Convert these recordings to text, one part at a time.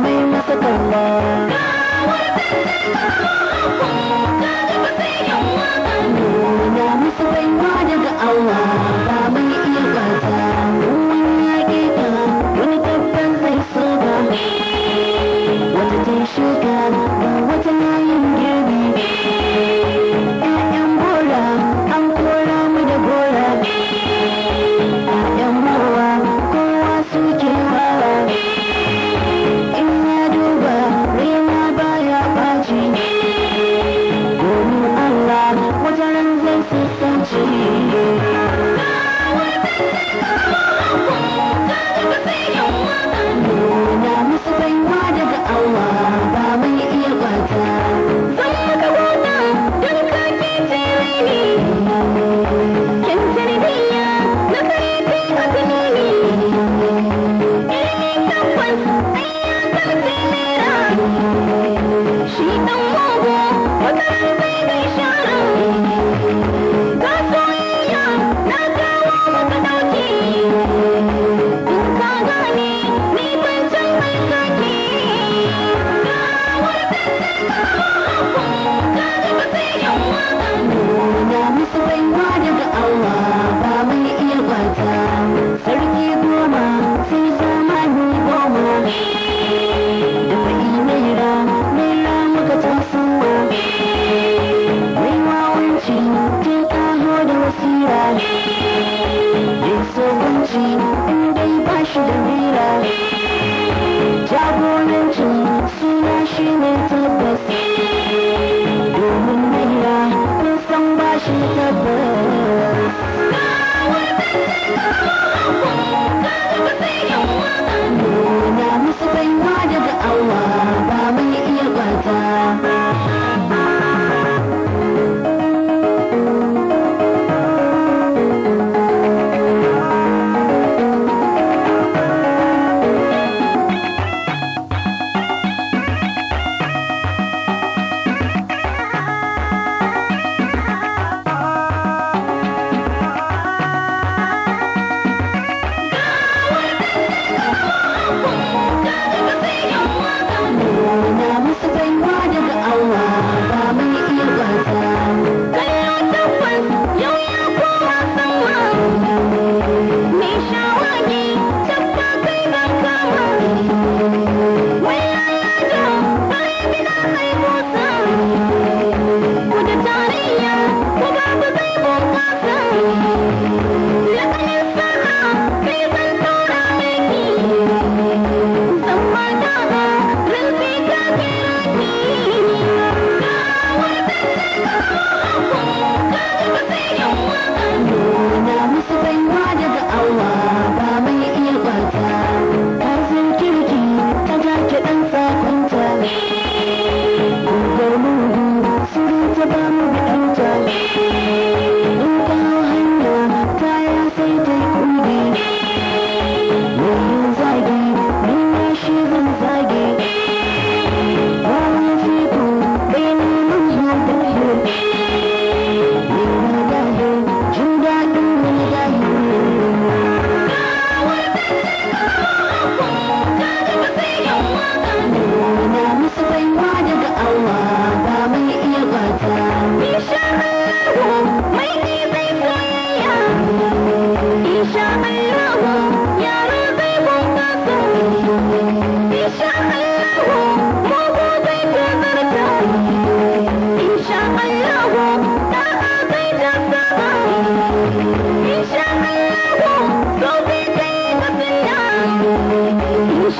mai masa kalla. Bye.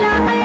shine.